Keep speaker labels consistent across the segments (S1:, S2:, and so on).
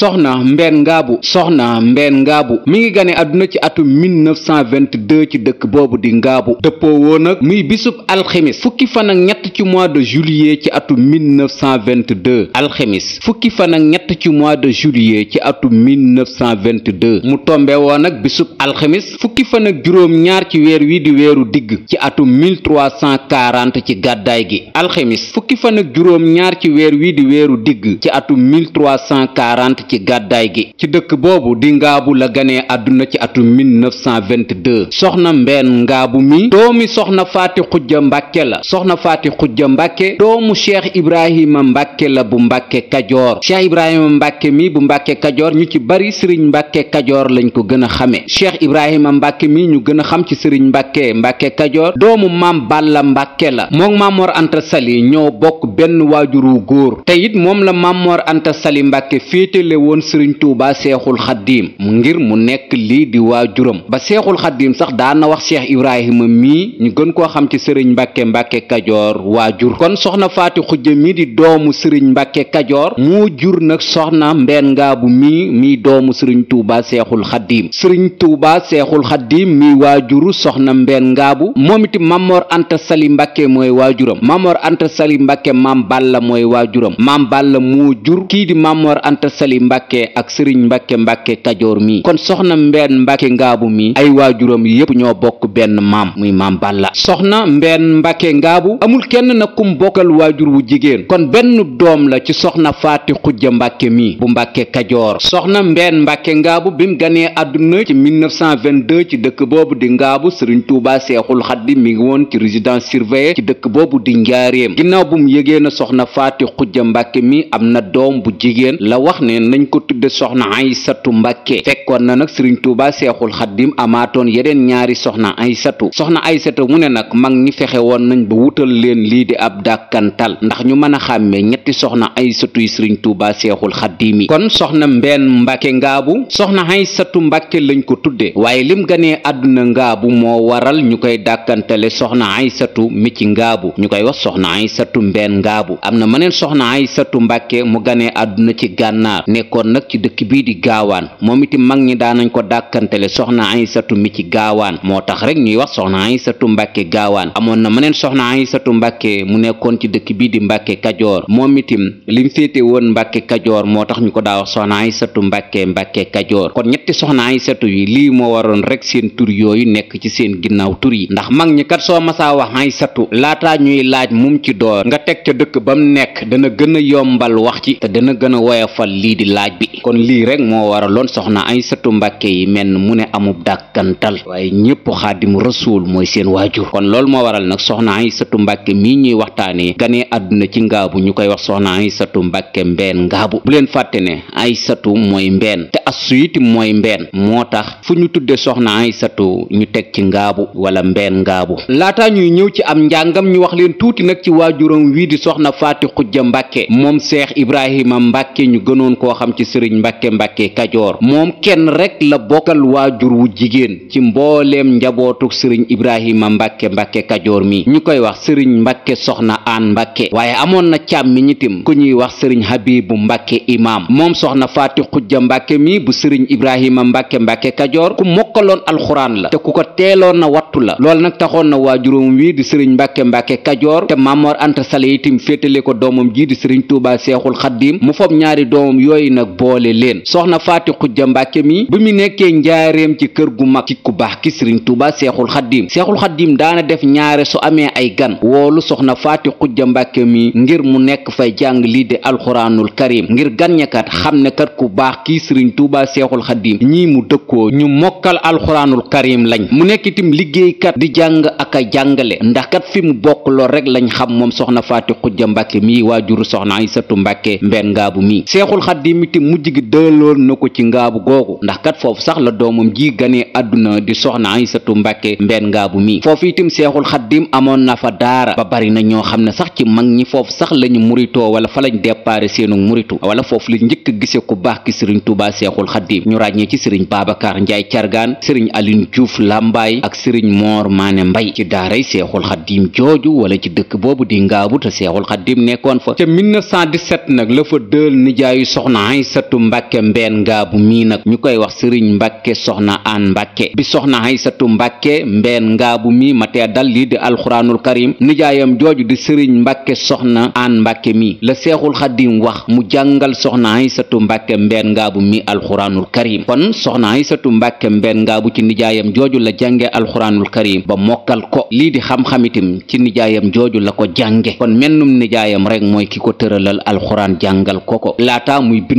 S1: soxna mbenn ngaabu soxna mbenn ngaabu mi ngi gane àdduna ci atum 1922 ci dëkk boobu di ngaabu dëppoo woon ak muy bisub alxemis fukki fan ak ñett ci mois de juillet ci atum 1922 alxemis fukki fan ak ñett ci mois de juillet ci atum 1922 mu tombe woon ak bisub alxemis fukki fan ak juróom ñaar ci weer wi di weeru digg ci atum 1340 ci gàddaay gi alxemis fukki fan ak juróom ñaar ci weer wi di weeru digg ci atum ci gàddaay gi ci dëkk boobu di ngaabu la ganee àdduna ci atum 1922 soxna mbeen ngaabu mi doomi soxna faati xujja mbàkke la soxna faati xujja mbàkke doomu cheikh ibrahima mbàkke la bu mbàkke kajoor cheikh ibrahima mbàkke mi bu mbàkke kajoor ñu ci bari sëriñ mbàkke kajoor lañ ko gën a xamee cheikh ibrahima mbàkke mi ñu gën a xam ci sëriñ mbàkke mbàkke kajoor doomu maam balla mbàkke la mook maamoor anta sali ñoo bokk benn waajuru góor te moom la maamoor woon sëriñ tuuba seexul xaddiim ngir mu nekk lii di waajuram ba seexul xaddiim sax daana wax cheikh ibrahima mii ñu gën koo xam ci sëriñ mbàkke mbàkke kajoor waajur kon soxna faati xujja mi di doomu sëriñ mbàkke kajoor moo jur nag soxna mbeen ngaabu mii mii doomu sëriñ tuuba seexul xaddiim sëriñ tuuba seexul xaddiim mii waajuru soxna mbeen ngaabu moom itam mamor anta sali mbàkke mooy waajuram mamor anta sali mbàkke maam balla mooy waajuram maam balla moo mbàkke ak sëriñ mbàkke mbàkke kajoor mi kon soxna mbeen mbàkke ngaabu mi ay waajuram yépp ñoo bokk benn maam muy maam balla soxna mbenn mbàkke ngaabu amul kenn nag kum bokkal waajur wu jigéen kon benn doom la ci soxna faati xujja mbàkke mi bu mbàkke kajoor soxna mbeen mbàkke ngaabu bim ganee àdduna ci 1922 ci dëkk boobu di ngaabu sëriñ tuuba seexul xaddim mi ngi woon ci résidence surveillée ci dëkk boobu di njaareem ginnaaw bu mu yëgee na soxna faati xujja mbàkke mi am na doom bu dañ ko tudde soxna aysatu mbàkke fekkoon na nag sëriñ tuuba seexul xaddim amaatoon yeneen ñaari soxna aysatu soxna aysatu mu ne nag mag ñi fexe woon nañ ba wutal leen lii di ab dàkkantal ndax ñu mën a xàmmee ñetti soxna aysatu yi sëriñ tuuba seexul xaddim yi kon soxna mbenn mbàkke ngaabu soxna satu mbàkke lañ ko tudde waaye lim ganee àdduna ngaabu moo waral ñu koy dàkkantale soxna aysatu mi ci ngaabu ñu koy wax soxna aysatu mbenn ngaabu am na mëneen soxna nekkoon nag ci dëkk bii di gaawaan moom itam mag ñi daanañ ko dàkkantele soxna aysatu mi ci gaawaan moo tax rek ñuy wax soxna aysatu mbàkke gaawaan amoon na meneen soxna aysatu mbàkke mu nekkoon ci dëkk bii di mbàkke kajoor moom itam lim féete woon mbàkke kajoor moo tax ñu ko daa wax soxna aysatu mbàkke mbàkke kajoor kon ñetti soxna aysatu yi lii moo waroon rek seen tur yooyu nekk ci seen ginnaaw tur yi ndax mag ñi kat soo masaa wax aysatu laataa ñuy laaj mum ci door nga teg ca dëkk bam nekk dana gën a a laaj bi kon lii rek moo waraloon soxna satu Mbàkke yi menn mu ne amub dàkkantal waaye ñëpp xaadimu rasuul mooy seen waajur kon lool moo waral nag soxna satu Mbàkke mii ñuy waxtaanee ganee àdduna ci ngaabu ñu koy wax soxna satu Mbàkke mbeen ngaabu bu leen fàtte ne satu mooy mbeen te assu itam mooy mbeen moo tax fu ñu tudde soxna satu ñu teg ci ngaabu wala mbeen ngaabu laataa ñuy ñëw ci am njàngam ñu wax leen tuuti nag ci waajuram wii di moom Seex Ibrahima Mbàkke ñu xam ci sëriñ mbàkke mbàkke kajoor moom kenn rek la bokkal waajur wu jigéen ci mbooleem njabootuk sëriñ ibrahima mbàkke mbàkke kajoor mii ñu koy wax sëriñ mbàkke soxna aan mbàkke waaye amoon na càmmiñ itam ku ñuy wax sëriñ habibu mbàkke imaam moom soxna faati xujja mbàkke mi bu sëriñ ibrahima mbàkke mbàkke kajoor ku mokkaloon alxuraan la te ku ko teeloon na wattu la loolu nag taxoon na waajuróom wii di sëriñ mbàkke mbàkke kajoor te mamor anta sale itam ko doomam ji di sëriñ tuuba yooyu nag boole leen soxna faati xujja mbàkke mi bi mu nekkee njaareem ci kër gu mag ci ku baax ki sëriñ tuuba seexul xaddim seexul xaddim daana def ñaare su amee ay gan woolu soxna faati xujja mbàkke mi ngir mu nekk fay jàng lii de alxuraanul karim ngir gan ñakat xam ne kat ku baax kii sëriñ tuuba seexul xaddim ñii mu dëkkoo ñu mokkal alxuraanul karim lañ mu nekk itam liggéeykat di jàng ak a jàngale ndax kat fi mu bokk lool rek lañ xam moom soxna faati xujja mbàkke mi waajuru soxna aysatu mbàkke mbenn ngaabu mi moom itam mujj gi dëloon na ko ci ngaabu googu ndax kat foofu sax la doomam ji ganee àdduna di soxna Aysatu Mbàkke mbenn ngaabu mi foofu itam seexul xaddim amoon na fa daara ba bari na ñoo xam ne sax ci mag ñi foofu sax lañu muritoo wala fa lañ déparé seenu muritu wala foofu la njëkk gise ku baax ki sëriñ Tuubaa seexul xaddim ñu ràññee ci sëriñ Babacar Njaay Cargaan sëriñ Aline Diouf Lambaay ak sëriñ Moor Maane Mbay ci daaray seexul xaddim jooju ci dëkk boobu di ngaabu te seexul xaddim nekkoon fa ca 1917 nag Aysatu Mbàkke mbeen ngaabu mii nag ñu koy wax sëriñ Mbàkke soxna aan Mbàkke bi soxna Aysatu Mbàkke mbeen ngaabu mii ma tee dal lii di alxuraanul karim nijaayam jooju di sëriñ Mbàkke soxna aan Mbàkke mi la seexul xaddim wax mu jàngal soxna Aysatu Mbàkke mbeen ngaabu mi alxuraanul karim kon soxna Aysatu Mbàkke mbeen ngaabu ci nijaayam jooju la jànge alxuraanul karim ba mokkal ko lii di xam-xamitim ci nijaayam jooju la ko jànge kon mennum nijaayam rek mooy ki ko tëralal alxuraan jàngal ko ko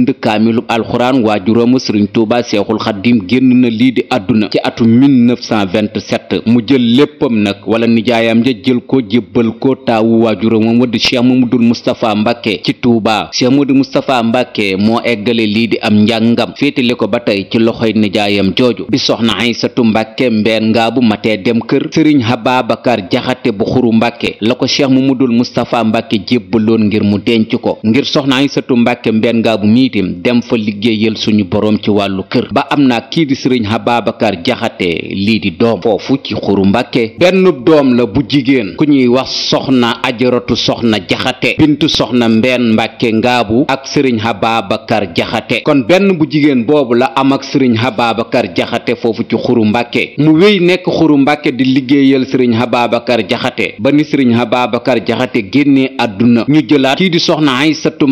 S1: bind kaamilub alxuraan waajuram sëriñ tuuba seexul xaddim génn na lii di àdduna ci atum 1927 mu jël léppam nag wala nijaayam ja jël ko jébbal ko taawu waajuram wa di cheikh mamadul moustapha mbàkke ci tuuba cheikh mamadul moustapha mbàkke moo eggale lii di am njàngam féetale ko ba tey ci loxoy nijaayam jooju bi soxna aysatu mbàkke mbeen ngaa bu matee dem kër sëriñ hababakar jaxate bu xuru mbàkke la ko cheikh mamadul moustapha mbàkke jébbaloon ngir mu denc ko ngir soxna aysatu mbàkke mbeen ngaa itim dem fa liggéeyal suñu boroom ci wàllu kër ba am na kii di sëriñ Ababacar Jaxate lii di doom foofu ci xuru Mbàkke benn doom la bu jigéen ku ñuy wax soxna ajaratu soxna jaxate bintu soxna mbenn Mbàkke ngaabu ak sëriñ Ababacar Jaxate kon benn bu jigéen boobu la am ak sëriñ Ababacar Jaxate foofu ci xuru Mbàkke mu wéy nekk xuru Mbàkke di liggéeyal sëriñ Ababacar Jaxate ba ni sëriñ Ababacar Jaxate génnee àdduna ñu jëlaat kii di soxna Aysatu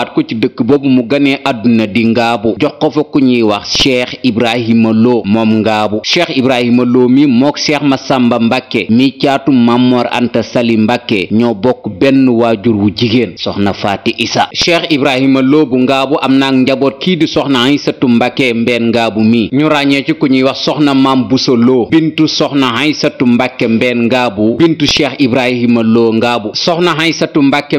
S1: yóbbuwaat ko ci dëkk boobu mu ganee àdduna di ngaabu jox ko fa ku ñuy wax cheikh ibrahima loo moom ngaabu cheikh ibrahima loo mi mook ma sàmba mbàkke mi caatu mamor anta sali mbàkke ñoo bokk benn waajur wu jigéen soxna faati isa cheikh ibrahima loo bu ngaabu am naag njaboot kii di soxna aysatu mbàkke mbeen ngaabu mii ñu ràññee ci ku ñuy wax soxna maam buso loo bintu soxna aysatu mbàkke mbeen ngaabu bintu cheikh ibrahima loo ngaabu soxna aysatu mbàkke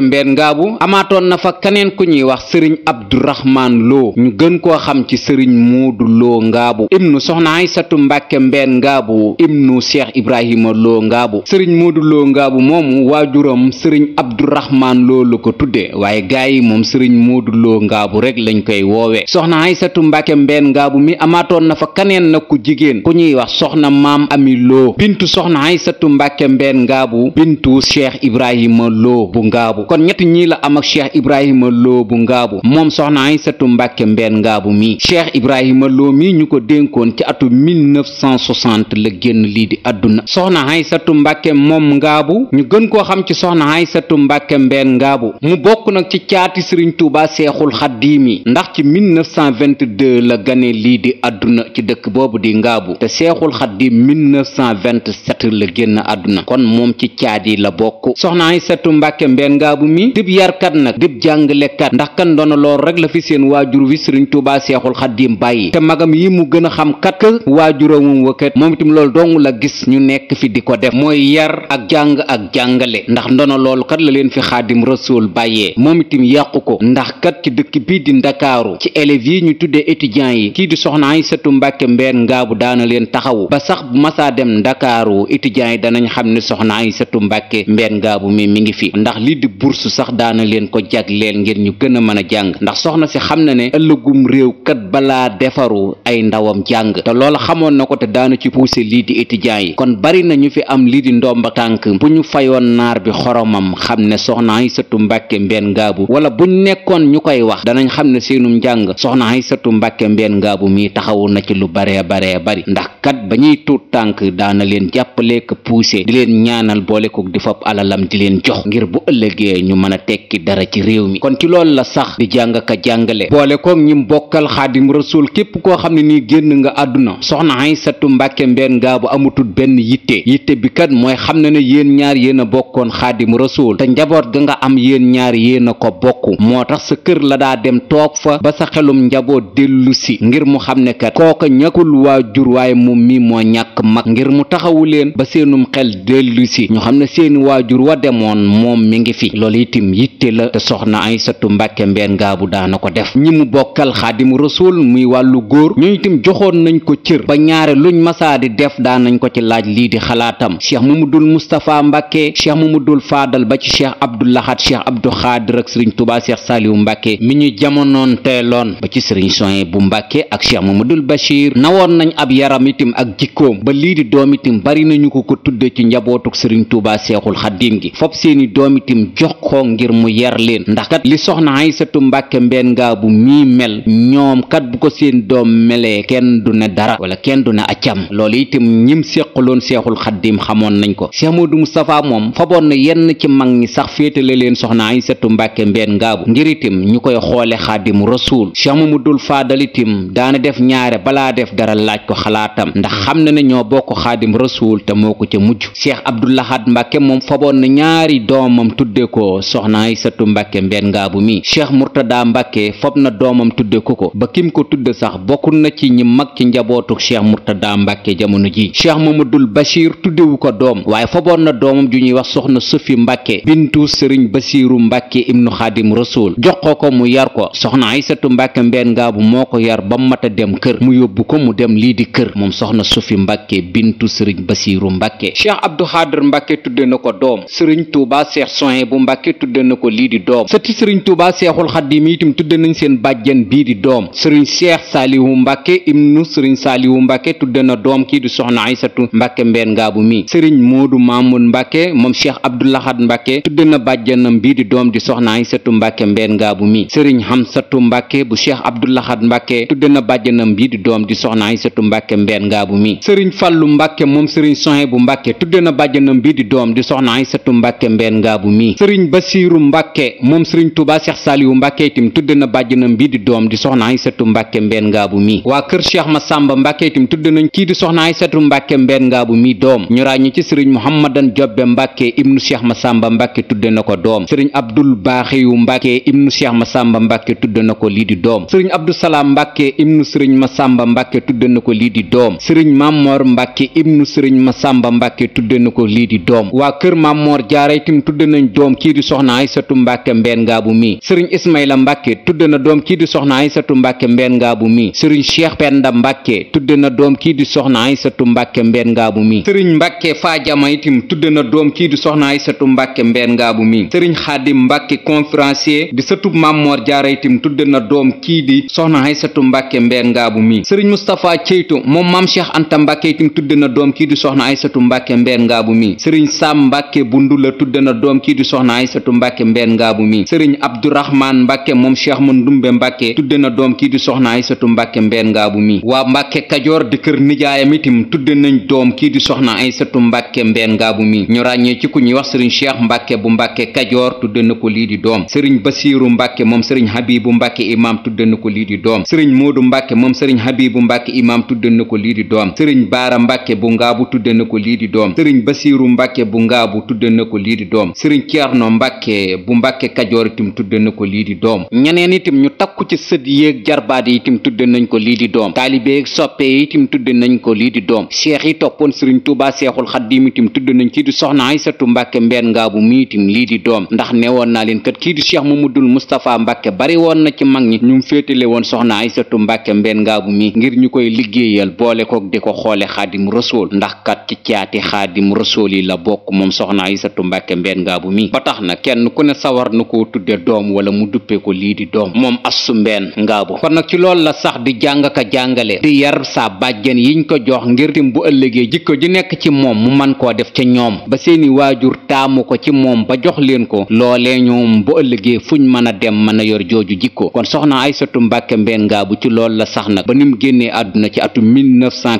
S1: ku ñuy wax sëriñ abdurahmaan loo ñu gën koo xam ci sëriñ moodu loo ngaabu ibnu soxna aysatu mbàkke mbeen ngaabu ibnu cheikh ibrahima loo ngaabu sëriñ moodu loo ngaabu moomu waajuram sëriñ abdurahmaan loo la ko tudde waaye gaa yi moom sëriñ moodu loo ngaabu rek lañ koy woowe soxna aysatu mbàkke mbeen ngaabu mi amaatoon na fa kaneen na jigéen ku ñuy wax soxna maam ami loo bintu soxna aysatu mbàkke mbeen ngaabu bintu cheikh ibrahima loo bu ngaabu kon ñett ñi la am ak ibrahima loo Lo bu ngaabu moom soxna Aysatu Mbàkke Mbeen ngaabu mi Cheikh Ibrahima Lo mi ñu ko dénkoon ci atu la génn lii di àdduna soxna Aysatu Mbàkke moom ngaabu ñu gën koo xam ci soxna Aysatu Mbàkke Mbeen ngaabu mu bokk nag ci caati Sëriñ Tuubaa Seexul Xaddiim yi ndax ci 1922 la gane lii di àdduna ci dëkk boobu di ngaabu te Seexul Xaddiim 1927 la génn àdduna kon moom ci caat la bokk soxna Aysatu Mbàkke Mbeen ngaabu mi dib yarkat nag dib jàngalekat liggéeykat ndax kan doona loolu rek la fi seen waajur wi sëriñ Tuubaa Seexul Xaddiim bàyyi te magam yi mu gën a xam kat ka waajuramum wakat moom loolu dong la gis ñu nekk fi di ko def mooy yar ak jàng ak jàngale ndax ndono loolu kat la leen fi xaadim rasul bàyyee moom itam yàqu ko ndax kat ci dëkk bii di ndakaaru ci élèves yi ñu tuddee étudiants yi kii di soxna Aysatu Mbàkke mbeen ngaabu daana leen taxawu ba sax bu masaa dem ndakaaru étudiants yi danañ xam ne soxna Aysatu Mbàkke mbeen ngaabu ñu gën a mën a jàng ndax soxna si xam na ne ëllëgum réew kat balaa defaru ay ndawam jàng te loola xamoon na ko te daana ci pousser lii di étudiants yi kon bari na ñu fi am lii di ndomba tànk bu ñu fayoon naar bi xoromam xam ne soxna Aysatu Mbàkke Mbeen Ngaabu wala buñ nekkoon ñu koy wax danañ xam ne seenum njàng soxna Aysatu Mbàkke Mbeen Ngaabu mi taxawu na ci lu baree baree bari ndax kat ba ñuy tuut tànk daana leen jàppaleek puuse di leen ñaanal boole ko di fab alalam di leen jox ngir bu ëllëgee ñu mën a tekki dara ci réew mi kon ci loolu la sax di jàng ka jàngale boole koog ñim bokkal xaadim rasul képp koo xam ne nii génn nga àdduna soxna Aysatu Mbàkke mbeen ngaa bu amutul benn yitte yitte bi kat mooy xam na ne yéen ñaar yéen a bokkoon xaadim rasul te njaboot ga nga am yéen ñaar yéen a ko bokk moo tax sa kër la daa dem toog fa ba sa mu xam moo ñàkk mag ngir mu taxawu leen ba seenum xel dellu si ñu xam ne seeni waajur wa demoon moom mi ngi fi loolu itim yitte la te soxna Aysatu Mbàkke Mbeen Ngaabu daana ko def ñi mu bokkal xaadimu rasul muy wàllu góor ñooñu itam joxoon nañ ko cër ba ñaare luñ masaa di def daan nañ ko ci laaj lii di xalaatam cheikh mamadul moustapha mbàkke cheikh mamadul faadal ba ci cheikh abdoulahat cheikh abdou xaadir ak sëriñ tubaa cheikh saaliwu mbàkke mi ñu jamonoon teeloon ba ci sëriñ soye bu mbàkke ak cheikh mamadul bachir nawoon nañ ab yaram itim ak ak jikkoom ba lii di doom itam bari nañu ko ko tudde ci njabootuk sëriñ tuubaa seexul xaddiim gi fop seeni doom itam jox ko ngir mu yar leen ndax kat li soxna Aysatu Mbàkke mbeen ngaa bu mii mel ñoom kat bu ko seen doom melee kenn du ne dara wala kenn du ne accam loolu itam ñim séqaloon seexul xaddiim xamoon nañ ko Seex Moodu Mustafaa moom faboon na yenn ci mag ñi sax féetale leen soxna Aysatu Mbàkke mbeen ngaabu ngir itam ñu koy xoole xaadimu rasuul Seex Mamadul Faadal itam daana def ñaare balaa def dara laaj ko xalaatam ndax xam na ne ñoo bokk xaadim rasuul te moo ko ca mujj cheikh abdul ahad mbàkke moom faboon na ñaari doomam tudde ko soxna aysatu mbàkke mbeen ngaabu mi cheikh murtada mbàkke fob na doomam tudde ko ko ba kim ko tudde sax bokkul na ci ñi mag njabootu cheikh murtada mbàkke jamono ji cheikh mamadul bachir tuddewu ko doom waaye faboon na doomam ju ñuy wax soxna sufi mbàkke bintu sëriñ basiiru mbàkke ibnu xaadim rasuul jox ko ko mu yar ko soxna aysatu mbàkke mbeen ngaabu moo ko yar ba mata dem kër mu yóbbu ko mu dem lii di kër moom soxna su fi mbàkke bintu sëriñ basiiru mbàkke cheikh abdou xaadir mbàkke tudde na ko doom sëriñ tuuba seex sohen bu mbàkke tudde na ko lii di doom sëti sëriñ tuuba seexul xaddim itam tudde nañ seen bàjjen bii di doom sëriñ seex saaliwu mbàkke ibnu sëriñ saaliwu mbàkke tudde na doom kii di soxna aysatu mbàkke mbeen bu mii sëriñ moodu maamun mbàkke moom cheikh abdoulahad mbàkke tudde na bàjjenam bii di doom di soxna aysatu mbàkke mbeen ngaabu mi sëriñ satu mbàkke bu cheikh abdoulahad mbàkke tudde na bàjjenam bii di doom di soxna aysatu mbàkke mbeen ngaabu bu mi sëriñ fàllu mbàkke moom sëriñ sohe bu mbàkke tudde na bàjjanam bi di doom di soxna ay sëtu mbàkke mbeen ngaa bu mi sëriñ basiiru mbàkke moom sëriñ tubaa seex saaliwu mbàkke itam tudde na bàjjanam bi di doom di soxna ay sëtu mbàkke ngaa bu mi kër cheikh ma sàmba mbàkke itam nañ kii di soxna ay sëtu mbàkke ngaa bu mi ñu ràññi ci sëriñ muhammadan jobbe mbàkke ibnu cheikh ma sàmba mbàkke tudde na ko doom sëriñ abdul baaxiyu mbàkke ibnu cheikh ma sàmba mbàkke tudde na ko lii di doom sëriñ abdou salaam mbàkke ibnu sëriñ ma sàmba mbàkke tudde na ko lii di doom sëriñ Mamor Mbàkke ibnu sëriñ Masamba Mbàkke tudde na ko lii di doom waa kër Mamor Jaara itam tudde nañ doom kii di soxna Aysatu Mbàkke Mbeen Ngaabu mi sëriñ Ismayla Mbàkke tudde na doom kii di soxna Aysatu Mbàkke Mbeen Ngaabu mi sëriñ Cheikh Penda Mbàkke tudde na doom kii di soxna Aysatu Mbàkke Mbeen Ngaabu mi sëriñ Mbàkke Faajama itam tudde na doom kii di soxna Aysatu Mbàkke Mbeen Ngaabu mi sëriñ Xaadim Mbàkke conférencier di sëtub Mamor Jaara itam tudde na doom kii di soxna Aysatu Mbàkke Mbeen Ngaabu mi sëriñ Mustafa Ceytu moom maam Cheikh Cheikh Anta Mbàkke itam tudd na doom kii di soxna ay Aysatu Mbàkke Mbeen Ngaabu mii sëriñ Sam Mbàkke Bundu la tudd na doom kii di soxna Aysatu Mbàkke Mbeen Ngaabu mii sëriñ Abdourahman Mbàkke moom Cheikh Mandumbe Mbàkke tudd na doom kii di soxna Aysatu Mbàkke Mbeen Ngaabu mi waa Mbàkke Kajoor di kër nijaayam itam tudd nañ doom kii di soxna Aysatu Mbàkke Mbeen Ngaabu mi ñu ràññee ci ku ñuy wax sëriñ Cheikh Mbàkke bu Mbàkke Kajoor tudd na ko lii di doom sëriñ Basiiru Mbàkke moom sëriñ Habibu Mbàkke imaam tudd na ko lii di doom sëriñ Moodu Mbàkke moom sëriñ Habibu Mbàkke imaam tudd na ko lii di doom doom sëriñ baara mbàkke bu ngaabu tudde na ko lii di doom sëriñ basiiru mbàkke bu bu tudde na ko lii di doom sëriñ ceerno mbàkke bu mbàkke kajoor itam tudde na ko lii di doom ñeneen itam ñu takku ci sët yéeg jarbaat yi itam tudde nañ ko lii di doom taalibe yeeg soppe yi itam tudde nañ ko lii di doom seex yi toppoon sëriñ tuubaa seexul xaddiim itam tudde nañ kii di soxna aysatu mbàkke mbeen ngaabu mi itam lii di doom ndax ne woon naa leen kat kii di cheikh mamadul moustapha mbàkke bari woon na ci mag ñi ñu féetale woon soxna aysatu mbàkke mbeen ngaabu mi ngir ñu koy liggéeyal di ko xoole xaadim rasool ndax kat ci caati xaadim rasool yi la bokk moom soxna Aysatu Mbàkke Mbeen Ngaabu mi ba tax na kenn ku ne sawar na koo tudde doom wala mu duppee ko lii di doom moom Astu Mbeen Ngaabu kon nag ci loolu la sax di jàng ka jàngale di yar saa bàjjen yiñ ko jox ngir tim bu ëllëgee jikko ji nekk ci moom mu man koo def ca ñoom ba seeni waajur taamu ko ci moom ba jox leen ko loolee ñoom bu ëllëgee fuñ mën a dem mën a yor jooju jikko kon soxna Aysatu Mbàkke Mbeen ci loolu la sax nag ba nim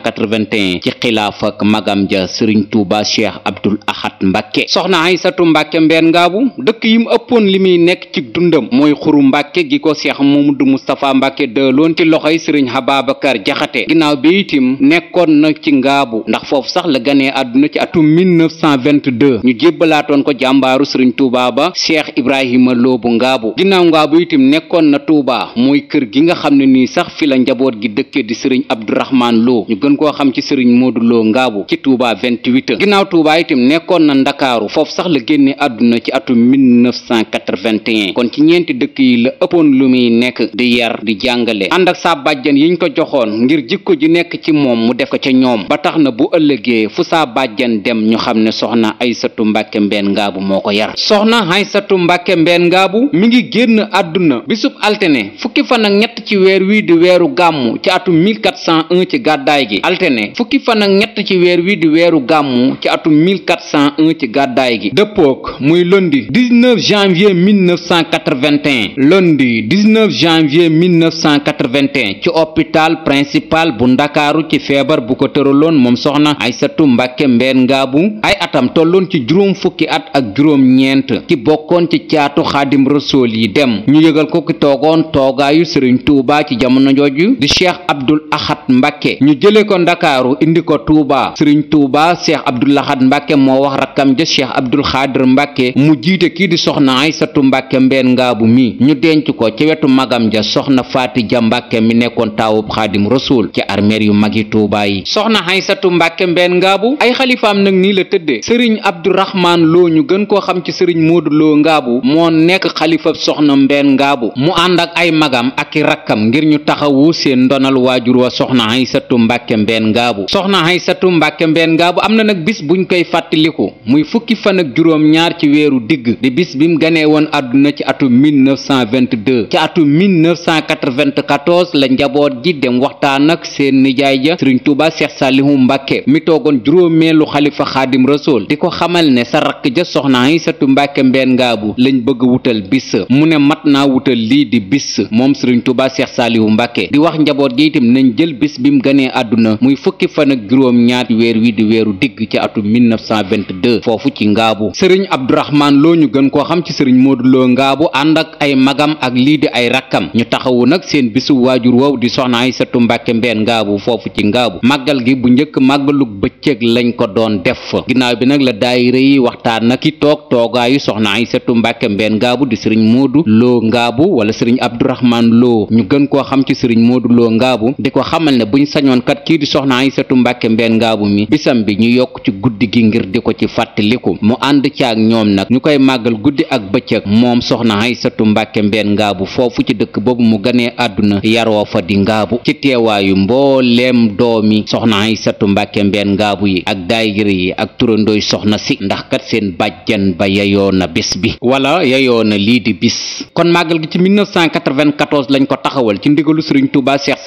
S1: 1981 ci xilaaf ak magam ja sëriñ tuuba cheikh abdul ahad mbàkke soxna satu mbàkke mbeen ngaabu dëkk yim ëppoon li muy nekk ci dundam mooy xuru mbàkke gi ko cheikh mamadou moustapha mbàkke loon ci loxo loxoy sëriñ hababakar jaxate ginnaaw bi itim nekkoon na ci ngaabu ndax foofu sax la gane àdduna ci atum 1922 ñu jébbalaatoon ko jàmbaaru sëriñ tuuba ba cheikh ibrahima loobu ngaabu ginnaaw ngaabu itim nekkoon na tuuba mooy kër gi nga xam ne nii sax fi la njaboot gi dëkke di sëriñ abdourahman gën koo xam ci sëriñ Modou Lo Ngaabu ci Touba 28 ginnaaw Touba itam nekkoon na Ndakaaru foofu sax la génne àdduna ci atum 1981 kon ci ñeenti dëkk la ëppoon lu muy nekk di yar di jàngale ànd ak saa bàjjan yiñ ko joxoon ngir jikko ji nekk ci moom mu def ko ca ñoom ba tax na bu ëllëgee fu saa bàjjan dem ñu xam ne soxna ay satu Mbeen Ngaabu moo ko yar soxna Aysatu Mbàkke Mbeen Ngaabu mi ngi génn àdduna bisub altene fukki fan ak ñett ci weer wii di weeru gàmmu ci atum 1401 ci gàddaay gi altene fukki fan ñett ci weer wi di weeru gàmmu ci atum 1401 ci gàddaay gi dëppook muy lundi 19 janvier 1981 lundi 19 janvier 1981 ci hôpital principal bu ndakaaru ci feebar bu ko tëraloon moom soxna Aysatu Mbàkke Mbeen Ngaabu ay atam tolloon ci juróom fukki at ak juróom ñeent ci bokkoon ci caatu xaadim rasool yi dem ñu yëgal ko ki toogoon toogaayu sëriñ Tuubaa ci jamono jooju di Cheikh Abdul Ahad Mbàkke ñu jële jële ko ndakaaru indi ko tuubaa sëriñ tuubaa cheikh abdul ahad mbàkke moo wax rakkam ja cheikh abdul xaadir mbàkke mu jiite kii di soxna aysatu mbàkke mbeen ngaabu mii ñu denc ko ci wetu magam ja soxna faati ja mbàkke mi nekkoon taawub xaadim rasuul ci armeer yu mag yi tuubaa yi soxna aysatu mbàkke mbeen ngaabu ay xalifaam nag nii la tëddee sëriñ abdurahmaan loo ñu gën koo xam ci sëriñ moodu loo ngaabu moo nekk xalifab soxna mbeen ngaabu mu ànd ak ay magam ak i rakkam ngir ñu taxawu mbàkke mbeen ngaabu soxna Haysatu mbàkke mbeen ngaabu am na nag bis buñ koy fàttaliku muy fukki fan ak juróom ñaar ci weeru digg di bis bi mu ganee woon àdduna ci atum 1922 ci atum 1994 la njaboot ji dem waxtaan ak seen nijaay ja sëriñ Tuuba Seex Saalihu Mbàkke mi toogoon juróomeelu xalifa xaadim rasool di ko xamal ne sa rakk ja soxna Haysatu mbàkke mbeen ngaabu lañ bëgg wutal bis mu ne mat naa wutal lii di bis moom sëriñ Tuuba Seex Saalihu Mbàkke di wax njaboot ji itam nañ jël bis bi mu àdduna muy fukki fan ak juróom ñaar weer wi di weeru digg ci atum 1922 foofu ci ngaabu sëriñ abdourahmaan loo ñu gën koo xam ci sëriñ moodu loo ngaabu ànd ak ay magam ak lii di ay rakkam ñu taxawu nag seen bisu waajur wow di soxna ay sëtu mbàkke mbeen ngaabu foofu ci ngaabu màggal gi bu njëkk màggalug bëccëg lañ ko doon def ginnaaw bi nag la daayira yi waxtaan nag ki toog toogaayu soxna ay sëtu mbàkke mbeen ngaabu di sëriñ moodu loo ngaabu wala sëriñ abdourahmaan loo ñu gën koo xam ci sëriñ moodu loo kii di soxna Aysatu Mbàkke Mbeen Ngaabu mi bisam bi ñu yokk ci guddi gi ngir di ko ci fàttaliku mu ànd caag ñoom nag ñu koy màggal guddi ak bëccëg moom soxna Aysatu Mbàkke Mbeen Ngaabu foofu ci dëkk boobu mu ganee àdduna yaroo fa di ngaabu ci teewaayu mbooleem doomi soxna Aysatu Mbàkke Mbeen Ngaabu yi ak daayira yi ak turandooy soxna si ndax kat seen bàjjan ba yayoo na bis bi wala yayoo na lii di bis kon màggal gi ci 1994 lañ ko taxawal ci ndigalu Sëriñ Tuubaa Seex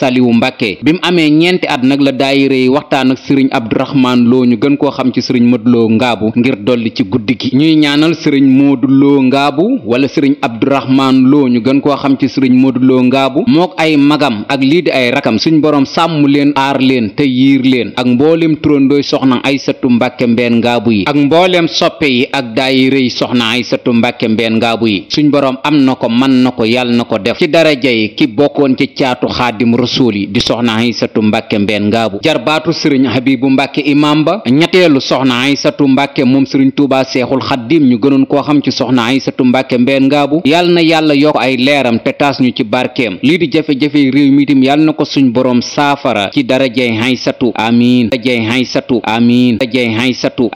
S1: nag la daayira yi waxtaan ak sëriñ abdourahman loo ñu gën koo xam ci sëriñ moduloo ngaabu ngir dolli ci guddi gi ñuy ñaanal sëriñ mooduloo ngaabu wala sëriñ abdourahman loo ñu gën koo xam ci sëriñ mooduloo ngaabu mook ay magam ak lii di ay rakam suñ boroom sàmm leen aar leen te yiir leen ak mbooleem turandooy soxna ay sattu mbàkke mbeen ngaabu yi ak mbooleem soppe yi ak daayira yi soxna ay sattu mbàkke mbeen ngaabu yi suñ boroom am na ko man na ko yàlla na ngaabu jarbaatu sëriñ habibu mbàkke imaam ba ñetteelu soxna aysatu mbàkke moom sëriñ tuubaa seexul xaddim ñu gënoon koo xam ci soxna aysatu mbàkke mbeen ngaabu yàlla na yàlla yokk ay leeram te taas ñu ci barkeem lii di jafe-jafe réew mi itam yàlla na ko suñ boroom saafara ci darajey aysatu amiin darajey aysatu amiin darajey aysatu